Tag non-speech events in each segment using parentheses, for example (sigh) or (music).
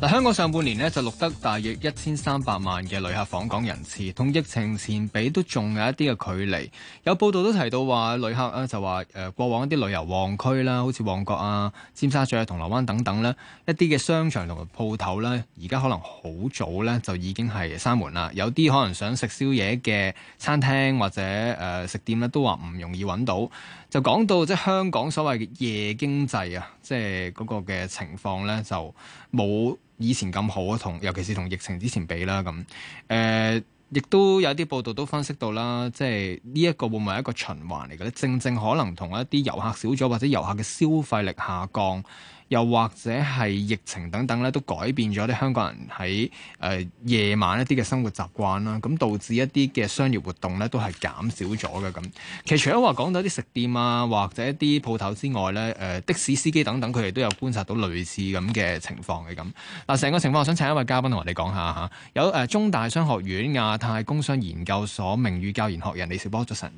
嗱，香港上半年咧就錄得大約一千三百萬嘅旅客訪港人次，同疫情前比都仲有一啲嘅距離。有報道都提到話，旅客咧就話誒、呃、過往一啲旅遊旺區啦，好似旺角啊、尖沙咀啊、銅鑼灣等等呢一啲嘅商場同埋鋪頭呢，而家可能好早呢就已經係閂門啦。有啲可能想食宵夜嘅餐廳或者誒、呃、食店呢都話唔容易揾到。就講到即係香港所謂嘅夜經濟啊，即係嗰個嘅情況呢就冇以前咁好啊，同尤其是同疫情之前比啦，咁，誒、呃、亦都有啲報道都分析到啦，即係呢一個會唔會係一個循環嚟嘅咧？正正可能同一啲遊客少咗或者遊客嘅消費力下降。又或者係疫情等等咧，都改變咗啲香港人喺誒、呃、夜晚一啲嘅生活習慣啦，咁導致一啲嘅商業活動咧都係減少咗嘅咁。其實除咗話講到啲食店啊，或者啲鋪頭之外咧，誒、呃、的士司機等等佢哋都有觀察到類似咁嘅情況嘅咁。嗱，成個情況我想請一位嘉賓同我哋講下嚇，有誒中大商學院亞太工商研究所名譽教研學人李兆波先生。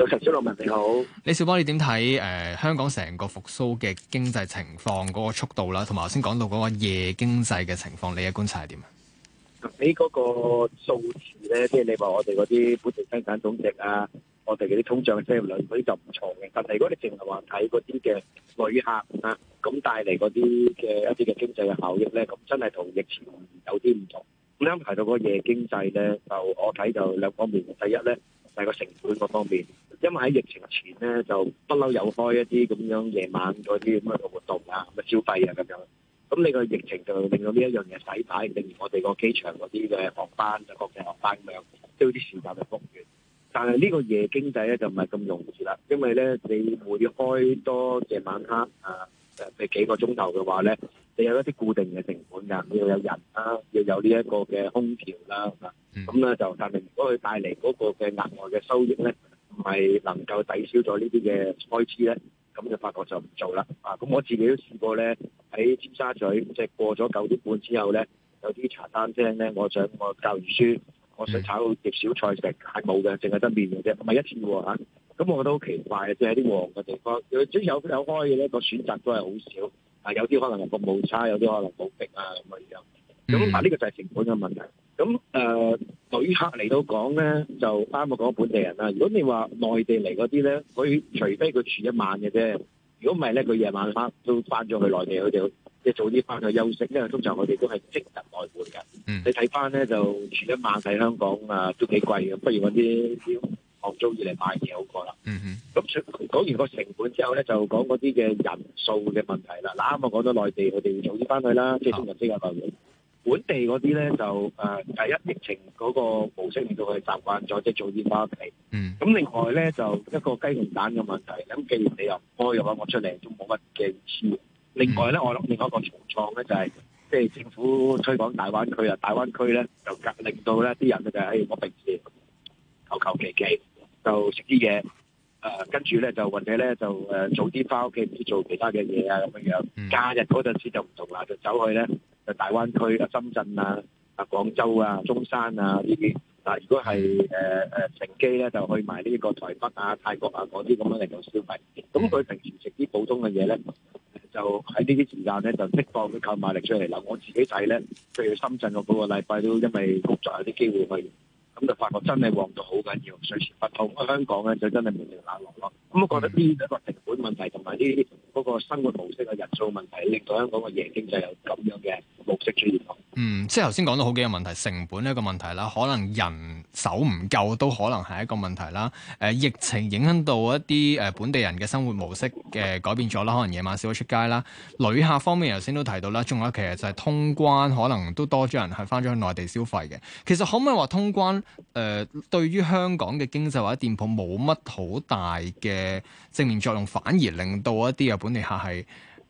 早晨，小羅文你好。李兆波，你點睇誒？香港成個復蘇嘅經濟情況嗰個速度啦，同埋頭先講到嗰個夜經濟嘅情況，你嘅觀察係點啊？你嗰個數字咧，即係你話我哋嗰啲本地生產總值啊，我哋嗰啲通脹失業率嗰啲就唔錯嘅。但係如果你淨係話睇嗰啲嘅旅客啊，咁帶嚟嗰啲嘅一啲嘅經濟嘅效益咧，咁真係同疫情有啲唔同。咁啱提到嗰個夜經濟咧，就我睇就兩方面。第一咧。但個成本個方面，因為喺疫情前咧就不嬲有開一啲咁樣夜晚嗰啲咁嘅活動消費啊、咁嘅消費啊咁樣，咁你個疫情就令到呢一樣嘢洗牌，令我哋個機場嗰啲嘅航班，班有就國際航班量都啲時間嘅復原。但係呢個夜經濟咧就唔係咁容易啦，因為咧你會開多夜晚黑啊，誒、啊啊、幾個鐘頭嘅話咧，你有一啲固定嘅成本噶，你要有人啦，要有呢一個嘅空調啦，咁咧就，hmm. 但係如果佢帶嚟嗰個嘅額外嘅收益咧，唔係能夠抵消咗呢啲嘅開支咧，咁就發覺就唔做啦。啊，咁我自己都試過咧，喺尖沙咀，即係過咗九點半之後咧，有啲茶餐廳咧，我想我教完書，我想炒極小菜食，係冇嘅，淨係得麵嘅啫，唔係一次喎吓。咁我覺得好奇怪啊，即係啲旺嘅地方，有有開嘅咧，個選擇都係好少。嗯、啊，有啲可能服務差，有啲可能冇逼啊咁嘅樣。咁、啊、但、啊呃、呢個就係成本嘅問題。咁誒，旅客嚟到講咧，就啱好講本地人啦。如果你話內地嚟嗰啲咧，佢除非佢住一晚嘅啫。如果唔係咧，佢夜晚黑都翻咗去內地，佢哋即早啲翻去休息。因為通常我哋都係即日來、嗯、回嘅。你睇翻咧，就住一晚喺香港啊，都幾貴嘅。不如揾啲。我中意嚟買嘢好過啦。嗯嗯。咁講完個成本之後咧，就講嗰啲嘅人數嘅問題啦。嗱，啱啱講到內地，佢哋早啲翻去啦，即係中日資嘅內地。本地嗰啲咧就誒，第一疫情嗰個模式令到佢習慣咗，即係早啲翻屋企。嗯。咁另外咧就一個雞同蛋嘅問題。咁既然你又開嘅話，我出嚟都冇乜嘅意思。另外咧，我諗另外一個重創咧就係即係政府推廣大灣區啊，大灣區咧就令到咧啲人咧就喺我平時求求其其。就食啲嘢，誒、呃，跟住咧就或者咧就誒、呃、早啲翻屋企唔知做其他嘅嘢啊咁樣樣。嗯、假日嗰陣時就唔同啦，就走去咧，就大灣區啊、深圳啊、啊廣州啊、中山啊呢啲。嗱、啊，如果係誒誒乘機咧，就去埋呢個台北啊、泰國啊嗰啲咁樣嚟到消費。咁佢、啊啊啊嗯、平時食啲普通嘅嘢咧，就喺呢啲時間咧就釋放啲購買力出嚟。嗱，我自己睇咧，譬如深圳我每個禮拜都因為工作有啲機會去。咁就發覺真係旺到好緊要，水洩不通，香港咧就真係面臨冷落咯。咁我覺得呢一個成本問題同埋呢啲。嗰個生活模式嘅人數問題，令到香港嘅夜經濟有咁樣嘅模式出現咯。嗯，即係頭先講到好幾個問題，成本一個問題啦，可能人手唔夠都可能係一個問題啦。誒、呃，疫情影響到一啲誒、呃、本地人嘅生活模式嘅改變咗啦，可能夜晚少咗出街啦。旅客方面，頭先都提到啦，仲有其實就係通關，可能都多咗人係翻咗去內地消費嘅。其實可唔可以話通關誒、呃，對於香港嘅經濟或者店鋪冇乜好大嘅正面作用，反而令到一啲本地客係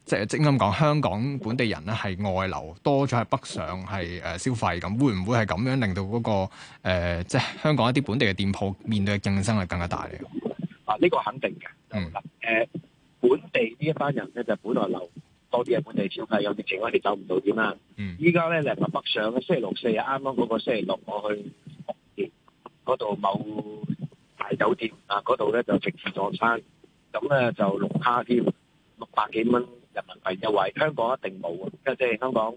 即係正啱講，香港本地人咧係外流多咗，喺北上係誒消費咁，會唔會係咁樣令到嗰個即係香港一啲本地嘅店鋪面對嘅競爭係更加大咧？啊，呢個肯定嘅。嗯，誒本地呢一班人咧就本地流多啲喺本地消費，有啲情況你走唔到點啊？嗯，依家咧嚟埋北上，嘅星期六四啊，啱啱嗰個星期六我去嗰度某大酒店啊，嗰度咧就食自助餐，咁咧就龍蝦添。六百幾蚊人民幣就話，又香港一定冇啊！即係香港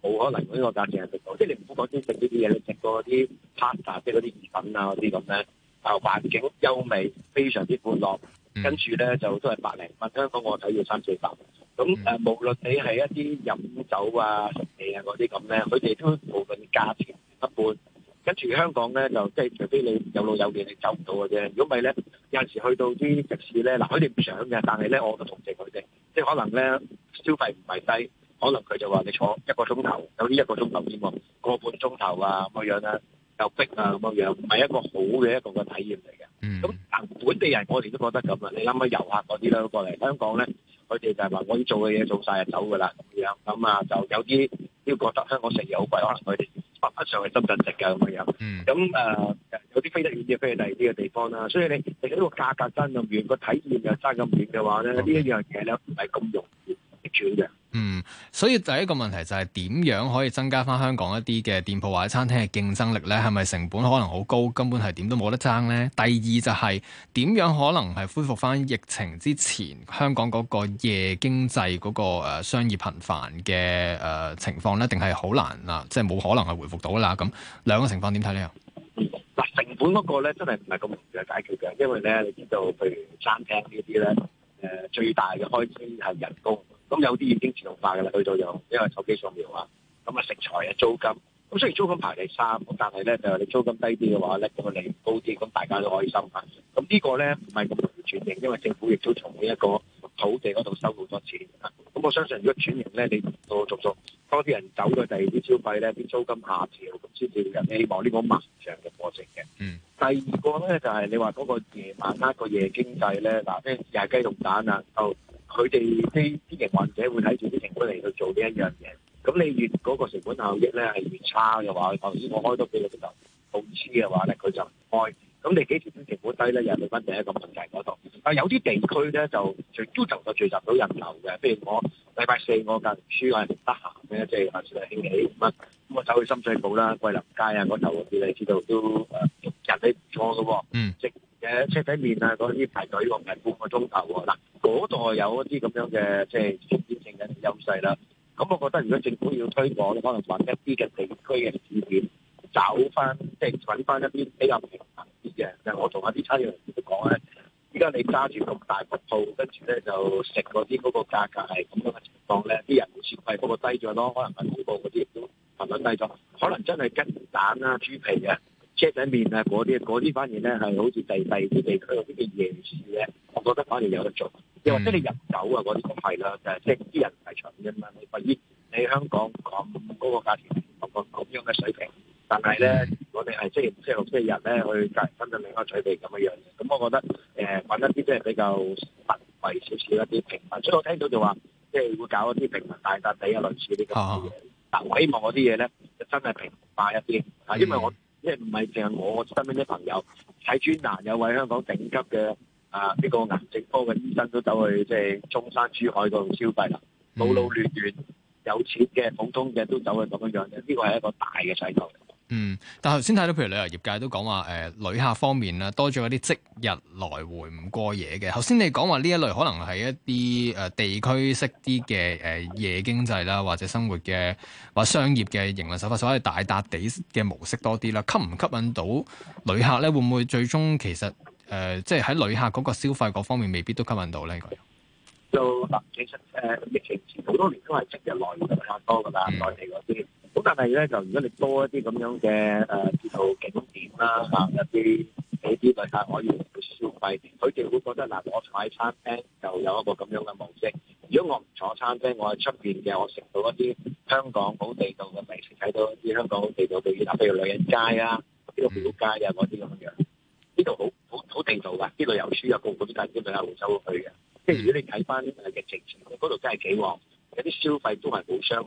冇可能呢個價錢係食到。即係你唔好講先食呢啲嘢，你食過啲 pasta 啊，即係嗰啲意粉啊嗰啲咁咧。啊，環境優美，非常之闊落，跟住咧就都係百零蚊。香港我睇要三四百。咁誒、啊，無論你係一啲飲酒啊、食嘢啊嗰啲咁咧，佢哋都無論價錢一半。跟住香港咧就即係除非你有路有電你走唔到嘅啫，如果唔係咧有陣時去到啲食肆咧，嗱佢哋唔想嘅，但係咧我都同情佢哋，即係可能咧消費唔係低，可能佢就話你坐一個鐘頭，有啲一個鐘頭添喎，個半鐘頭啊咁樣啊，又逼啊咁樣，唔係、啊、一個好嘅一個個體驗嚟嘅。咁但、嗯、本地人我哋都覺得咁啊，你諗下遊客嗰啲咧過嚟香港咧，佢哋就係話我要做嘅嘢做晒就走㗎啦咁樣，咁啊就有啲都覺得香港食嘢好貴，可能佢哋。北北上去深圳直㗎咁嘅樣，咁誒有啲飛得遠嘅飛去第二啲嘅地方啦。所以你你呢個價格爭咁遠，個體驗又爭咁遠嘅話咧，呢一樣嘢咧唔係咁容易轉嘅。 (music) 嗯，所以第一個問題，就係點樣可以增加翻香港一啲嘅店鋪或者餐廳嘅競爭力咧？係咪成本可能好高，根本係點都冇得爭咧？第二就係點樣可能係恢復翻疫情之前香港嗰個夜經濟嗰個誒商業頻繁嘅誒情況咧？定係好難啊，即係冇可能係回復到啦。咁兩個情況點睇咧？嗱，成本嗰個咧真係唔係咁容易解決嘅，因為咧你知道，譬如餐廳呢啲咧，誒最大嘅開支係人工。咁有啲已經自動化嘅啦，去到用，因為手機掃描啊。咁啊，食材啊、租金。咁雖然租金排第三，但係咧就係你租金低啲嘅話咧，咁你利高啲，咁大家都開心啊。咁呢個咧唔係咁容易轉型，因為政府亦都從呢一個土地嗰度收好多錢。咁我相信如果轉型咧，你陸陸續續多啲人走咗第二啲消費咧，啲租金下調，咁先至有希望呢個漫長嘅過程嘅。嗯。第二個咧就係你話嗰個夜晚黑個夜經濟咧，嗱，譬如炸雞蛋啊，哦佢哋啲啲型患者會睇住啲情況嚟去做呢一樣嘢，咁你越嗰個成本效益咧係越差嘅話，頭先我開多幾個鐘頭佈施嘅話咧，佢就開，咁你幾條線成本低咧，又去翻第一個問題嗰度。但有啲地區咧就最都就到聚集到人流嘅，譬如我禮拜四我隔條書啊唔得閒嘅，即係誒出嚟慶起。咁啊，咁我走去深水埗啦、桂林街啊嗰頭，你都知道都誒人氣唔錯嘅喎，嗯，食誒車仔麵啊嗰啲排隊喎，排半個鐘頭喎嗱。嗰度係有一啲咁樣嘅，即係發展性嘅優勢啦。咁、嗯、我覺得，如果政府要推廣，可能揾一啲嘅地區嘅試點，找翻即係揾翻一啲比較平衡啲嘅。但我同一啲餐飲人士講咧，依家你揸住咁大幅舖，跟住咧就食嗰啲嗰個價格係咁樣嘅情況咧，啲人消費嗰個低咗咯，可能係廣告嗰啲慢慢低咗，可能真係雞蛋啦、啊、豬皮啊。車仔麵啊，嗰啲啲反而咧係好似第第二啲地區嗰啲嘅夜市咧，我覺得反而有得做。又或者你入走、就係、人手啊，嗰啲都係啦。即係啲人唔係長嘅嘛。你話依你香港咁嗰個價錢，咁樣嘅水平，但係咧，我哋係星期五、星期六、星期日咧去隔離深圳另一取地咁嘅樣。咁我覺得誒，揾、呃、一啲即係比較實惠少少一啲平民。所以我聽到就話，即係會搞一啲平民大笪地啊，類似啲咁嘅嘢。啊、但我希望嗰啲嘢咧，就真係平民化一啲。嗯、因為我。即係唔係淨係我身邊啲朋友喺專欄有位香港頂級嘅啊呢、這個癌症科嘅醫生都走去即係中山珠海嗰度消費啦，老老嫩嫩有錢嘅普通嘅都走去咁樣樣，呢個係一個大嘅勢頭。嗯，但頭先睇到，譬如旅遊業界都講話，誒、呃、旅客方面咧多咗一啲即日來回唔過夜嘅。頭先你講話呢一類可能係一啲誒、呃、地區式啲嘅誒夜經濟啦，或者生活嘅或者商業嘅營運手法，所以大笪地嘅模式多啲啦，吸唔吸引到旅客咧？會唔會最終其實誒、呃、即係喺旅客嗰個消費嗰方面未必都吸引到呢？個就大笪地出疫情前好多年都係即日來客多㗎啦，內地啲。咁但係咧，就如果你多一啲咁樣嘅誒、呃，叫做景點啦，啊一啲呢啲旅客可以去消費，佢哋會覺得嗱，我坐餐廳就有一個咁樣嘅模式。如果我唔坐餐廳，我喺出邊嘅，我食到一啲香港好地道嘅美食，睇到一啲香港好地道嘅，啊，譬如女人街啊，呢度廟街啊，嗰啲咁樣，呢度好好好地道嘅，啲旅遊書又告咁近，啲旅客會走去嘅。即係、嗯、如果你睇翻疫情前，嗰度真係幾旺，有啲消費都係冇雙。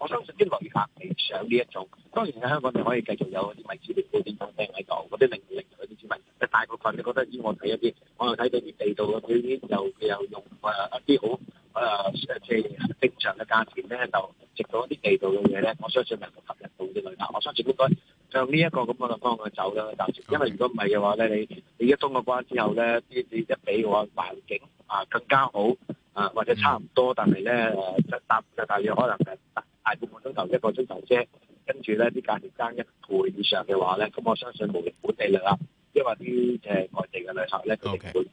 我相信啲旅客嚟講呢一種，當然喺香港你可以繼續有啲唔係主流嘅店鋪掟喺度，嗰啲另另類啲市民，但大部分都覺得咦，我睇一啲，我又睇到啲地道嘅表演，又又用啊一啲好啊即係正常嘅價錢咧，就食到一啲地道嘅嘢咧，我相信係吸引到啲旅客。但係我相信應該向呢一個咁樣嘅方向走啦。就因為如果唔係嘅話咧，你你一通過關之後咧，啲你一比嘅話，環境啊更加好啊，或者差唔多，但係咧誒，價價差嘅大約可能係。大半個鐘頭一個鐘頭啫，跟住咧啲價錢升一倍以上嘅話咧，咁我相信冇人本地旅客，因為啲誒外地嘅旅客咧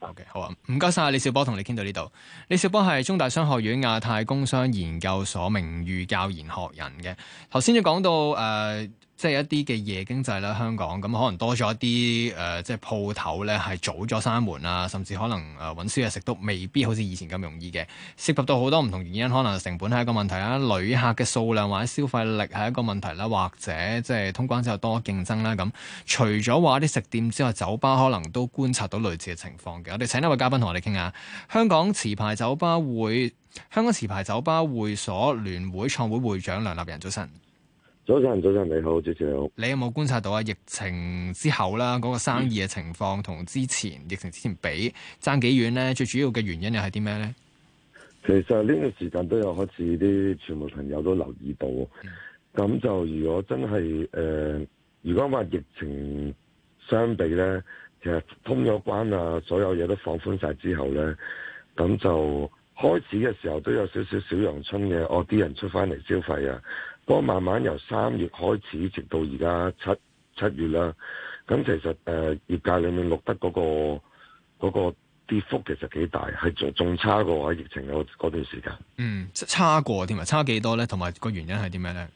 ，O K，好啊，唔該晒。李兆波，同你傾到呢度。李兆波係中大商學院亞太工商研究所名譽教研學人嘅。頭先要講到誒。呃即係一啲嘅夜經濟啦，香港咁可能多咗一啲誒、呃，即係鋪頭呢，係早咗閂門啊，甚至可能誒揾宵夜食都未必好似以前咁容易嘅。涉及到好多唔同原因，可能成本係一個問題啦，旅客嘅數量或者消費力係一個問題啦，或者即係通關之後多競爭啦咁。除咗話啲食店之外，酒吧可能都觀察到類似嘅情況嘅。我哋請一位嘉賓同我哋傾下，香港持牌酒吧會、香港持牌酒吧會所聯會創會會長梁立仁早晨。早晨，早晨，你好，主持你好。你有冇觀察到啊？疫情之後啦，嗰、那個生意嘅情況同之前、嗯、疫情之前比，爭幾遠咧？最主要嘅原因又係啲咩咧？其實呢個時間都有開始啲，全部朋友都留意到。咁、嗯、就如果真係誒、呃，如果話疫情相比咧，其實通咗關啊，所有嘢都放寬晒之後咧，咁就開始嘅時候都有少少小陽春嘅，我啲人出翻嚟消費啊。咁慢慢由三月開始，直到而家七七月啦。咁其實誒、呃、業界裡面錄得嗰個、嗰個、嗰個跌幅其實幾大，係仲仲差過喺疫情有嗰段時間。嗯，差過添啊！差幾多咧？同埋個原因係點樣咧？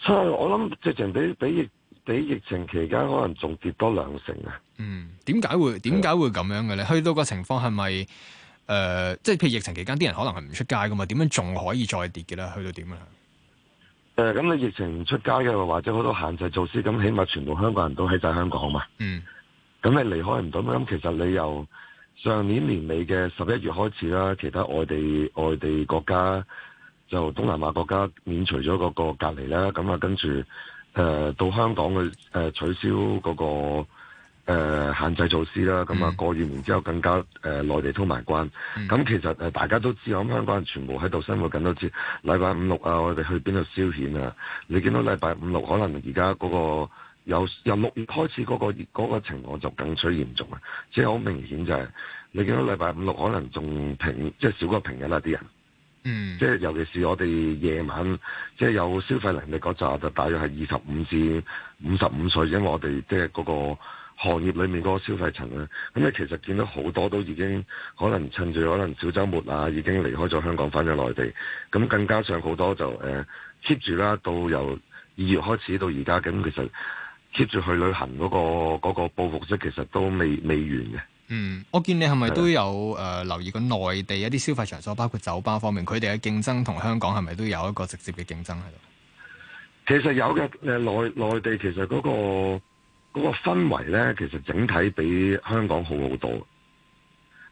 差我諗直情比比疫比疫情期間可能仲跌多兩成啊！嗯，點解會點解會咁樣嘅咧？的去到個情況係咪誒？即係譬如疫情期間啲人可能係唔出街噶嘛？點樣仲可以再跌嘅咧？去到點啊？誒咁你疫情出街嘅，或者好多限制措施，咁起碼全部香港人都喺晒香港嘛。嗯，咁你離開唔到，咁 (noise) 其實你由上年年尾嘅十一月開始啦，其他外地外地國家就東南亞國家免除咗個隔離啦，咁啊跟住誒、呃、到香港去誒、呃、取消、嗰個。誒、呃、限制措施啦，咁、嗯、啊、嗯、過完年之後更加誒、呃、內地通埋關。咁、嗯、其實誒、呃、大家都知，響香港人全部喺度生活緊都知。禮拜五六啊，我哋去邊度消遣啊？你見到禮拜五六，可能而家嗰個由，由六月開始嗰、那個那個情況就更趨嚴重啊！即係好明顯就係、是，你見到禮拜五六可能仲平，即係少過平日啦啲人。嗯，即係尤其是我哋夜晚，即係有消費能力嗰扎，就大約係二十五至五十五歲，因為我哋即係、那、嗰個。行業裏面嗰個消費層咧，咁你其實見到好多都已經可能趁住可能小周末啊，已經離開咗香港，翻咗內地。咁更加上好多就誒 keep、呃、住啦，到由二月開始到而家咁，其實 keep 住去旅行嗰個嗰個報復式，其實都未未完嘅。嗯，我見你係咪都有誒留意過內地一啲消費場所，包括酒吧方面，佢哋嘅競爭同香港係咪都有一個直接嘅競爭喺度？其實有嘅誒，內內地其實嗰個。個氛圍咧，其實整體比香港好好多。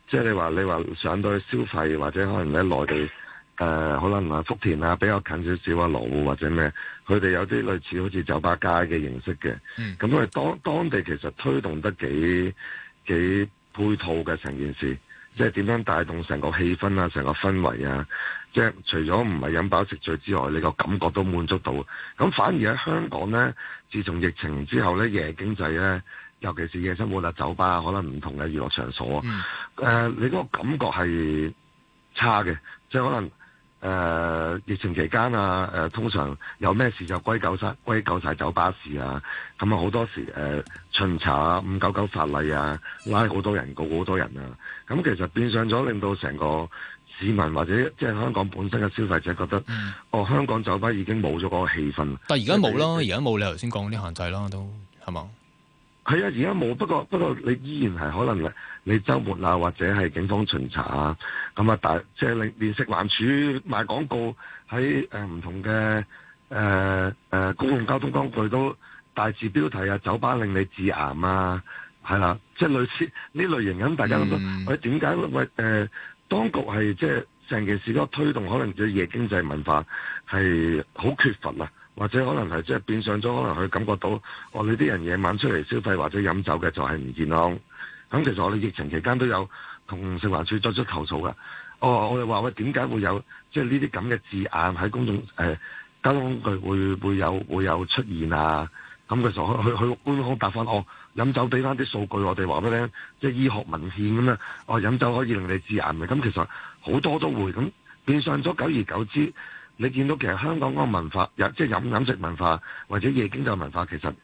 即、就、係、是、你話你話上到去消費或者可能喺內地誒、呃、可能啊福田啊比較近少少啊羅湖或者咩，佢哋有啲類似好似酒吧街嘅形式嘅。咁因為當當地其實推動得幾幾配套嘅成件事。即係點樣帶動成個氣氛啊，成個氛圍啊！即係除咗唔係飲飽食醉之外，你個感覺都滿足到。咁反而喺香港呢，自從疫情之後呢，夜經濟咧，尤其是夜生活啊，酒吧啊，可能唔同嘅娛樂場所啊，誒、嗯呃，你嗰個感覺係差嘅，即係可能。誒疫情期間啊，誒、呃、通常有咩事就歸咎晒歸咎曬酒吧事啊，咁啊好多時誒、呃、巡查啊，五九九法例啊，拉好多人告好多人啊，咁其實變相咗令到成個市民或者即係香港本身嘅消費者覺得，嗯、哦，香港酒吧已經冇咗嗰個氣氛。但係而家冇啦，而家冇理由先講啲限制啦，都係嘛？係啊，而家冇不過不過，不過你依然係可能嘅，你周末啊或者係警方巡查啊，咁啊大即係、就是、連食環署賣廣告喺誒唔同嘅誒誒公共交通工具都大字標題啊，酒吧令你致癌啊，係啦，即、就、係、是、類似呢類型咁，大家諗到喂，點解喂誒當局係即係成件事都推動可能叫夜經濟文化係好缺乏啊？或者可能係即係變相咗，可能佢感覺到我哋啲人夜晚出嚟消費或者飲酒嘅就係唔健康。咁、嗯、其實我哋疫情期間都有同食環署作出投訴嘅、哦。我我哋話喂，點、哎、解會有即係呢啲咁嘅字眼喺公眾誒、欸、交通工具會會有會有出現啊？咁佢就去去去官方答翻我飲酒俾翻啲數據，我哋話乜咧？即係醫學文獻咁啊！哦，飲酒可以令你致癌嘅。咁、嗯嗯、其實好多都會咁、嗯、變相咗，久而久之。你見到其實香港嗰個文化，又即係飲飲食文化或者夜經濟文化，其實誒、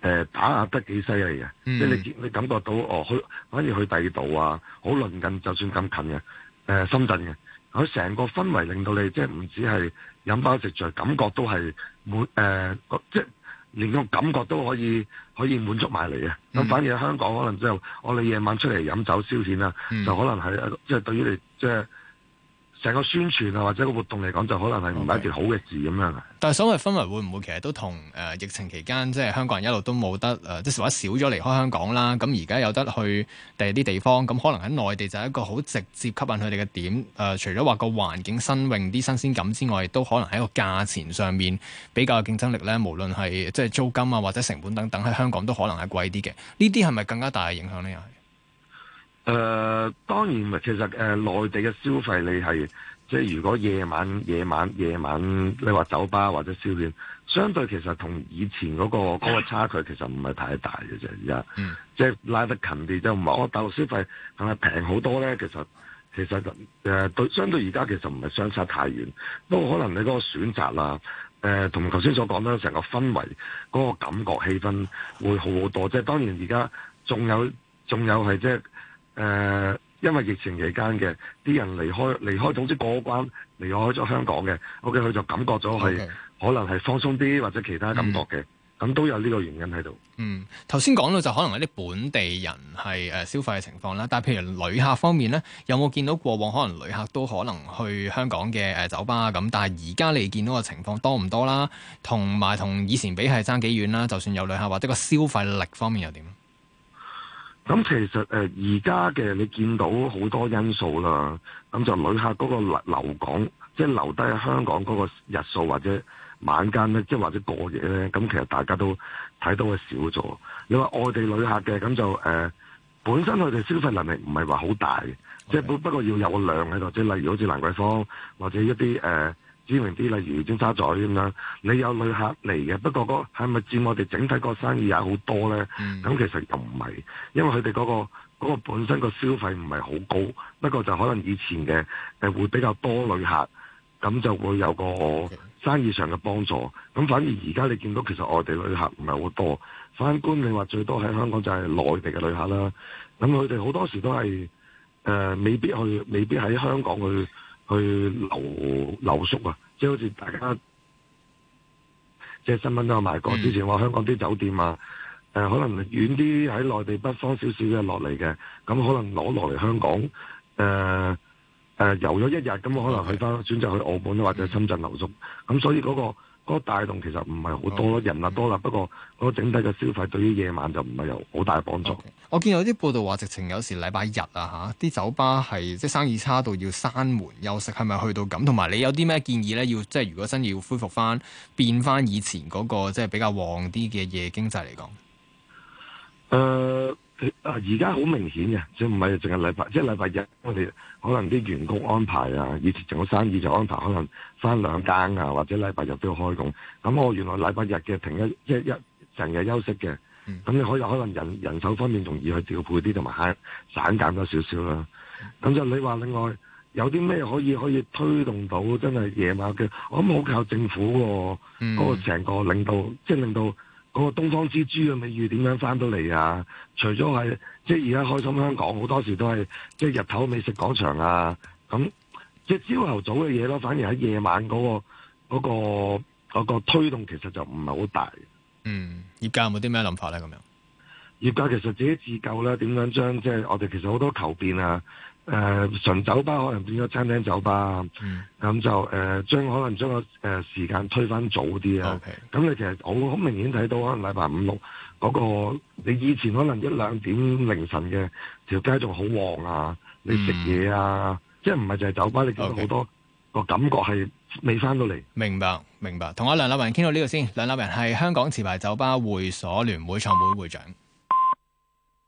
呃、打壓得幾犀利嘅。嗯、即係你你感覺到哦，去可以去第二度啊，好鄰近，就算咁近嘅誒、呃、深圳嘅，佢成個氛圍令到你即係唔止係飲飽食醉，感覺都係滿誒、呃，即係連個感覺都可以可以滿足埋嚟嘅。咁、嗯、反而香港可能之後我哋夜晚出嚟飲酒消遣啊，嗯、就可能係即係對於你即係。即成個宣傳啊，或者個活動嚟講，就可能係唔係一件好嘅事咁樣。Okay. 但係所謂氛圍會唔會其實都同誒、呃、疫情期間，即係香港人一路都冇得誒，即係話少咗離開香港啦。咁而家有得去第啲地方，咁可能喺內地就係一個好直接吸引佢哋嘅點。誒、呃，除咗話個環境新穎啲、新鮮感之外，都可能喺個價錢上面比較競爭力咧。無論係即係租金啊，或者成本等等，喺香港都可能係貴啲嘅。呢啲係咪更加大嘅影響呢？又誒、呃、當然咪其實誒、呃、內地嘅消費你係即係如果夜晚夜晚夜晚你話酒吧或者宵夜，相對其實同以前嗰、嗰個嗰個差距其實唔係太大嘅啫，而家、嗯、即係拉得近啲，就唔係我大陸消費係咪平好多咧？其實其實誒、呃、對相對而家其實唔係相差太遠，不過可能你嗰個選擇啦，誒同頭先所講咧，成個氛圍嗰、嗰個感覺氣氛會好好多，即係當然而家仲有仲有係即係。誒、呃，因為疫情期間嘅啲人離開離開，總之過咗關離開咗香港嘅，OK，佢就感覺咗係 Okay. 可能係放鬆啲，或者其他感覺嘅，咁、嗯、都有呢個原因喺度。嗯，頭先講到就可能一啲本地人係誒消費嘅情況啦，但係譬如旅客方面呢，有冇見到過往可能旅客都可能去香港嘅誒酒吧咁，但係而家你見到嘅情況多唔多啦？同埋同以前比係爭幾遠啦？就算有旅客或者個消費力方面又點？咁其實誒而家嘅你見到好多因素啦，咁就旅客嗰個留港，即係留低喺香港嗰個日數或者晚間咧，即係或者過夜咧，咁其實大家都睇到係少咗。你話外地旅客嘅咁就誒、呃，本身佢哋消費能力唔係話好大嘅，即係不不過要有個量喺度，即係例如好似蘭桂坊或者一啲誒。呃知名啲，例如尖沙咀咁樣，你有旅客嚟嘅。不過嗰係咪佔我哋整體個生意也好多呢？咁、嗯、其實又唔係，因為佢哋嗰個本身個消費唔係好高，不過就可能以前嘅誒會比較多旅客，咁就會有個生意上嘅幫助。咁反而而家你見到其實外地旅客唔係好多，反觀你話最多喺香港就係內地嘅旅客啦。咁佢哋好多時都係誒、呃、未必去，未必喺香港去。去留留宿啊，即係好似大家，即係新聞都有埋過。之前話香港啲酒店啊，誒、呃、可能遠啲喺內地北方少少嘅落嚟嘅，咁可能攞落嚟香港，誒、呃、誒、呃、遊咗一日，咁可能去返選擇去澳門或者深圳留宿。咁所以嗰、嗰個。嗰個帶動其實唔係好多咯，人啊 Okay. 多啦，不過嗰個整體嘅消費對於夜晚就唔係有好大幫助。Okay. 我見有啲報道話，直情有時禮拜日啊嚇，啲酒吧係即係生意差到要閂門休息，係咪去到咁？同埋你有啲咩建議呢？要即係如果真要恢復翻，變翻以前嗰、那個即係比較旺啲嘅夜經濟嚟講，誒、uh。啊！而家好明顯嘅，即唔係淨係禮拜，即禮拜日我哋可能啲員工安排啊，以前成個生意就安排可能翻兩間啊，或者禮拜日都要開工。咁我原來禮拜日嘅停一即一成日休息嘅，咁、嗯、你可以可能人人手方面仲易去調配啲，同埋省減多少少啦。咁就你話另外有啲咩可以可以推動到真係夜晚嘅，我諗好靠政府、嗯、個嗰個成個領導，即令到。嗰個東方之珠嘅美譽點樣翻到嚟啊？除咗係即係而家開心香港，好多時都係即係日頭美食廣場啊，咁即係朝頭早嘅嘢咯。反而喺夜晚嗰個嗰個嗰個推動，其實就唔係好大。嗯，業界有冇啲咩諗法咧？咁樣業界其實自己自救咧，點樣將即係我哋其實好多求變啊！誒、呃、純酒吧可能變咗餐廳酒吧，咁、嗯嗯、就誒、呃、將可能將個誒、呃、時間推返早啲啊。咁 Okay. 你其實好明顯睇到可能禮拜五六嗰、那個，你以前可能一兩點凌晨嘅條街仲好旺啊，你食嘢啊，嗯、即係唔係就係酒吧，你見到好多個感覺係未返到嚟。Okay. 明白，明白。同阿梁立仁傾到呢度先。梁立仁係香港持牌酒吧會所聯會創會會、會長。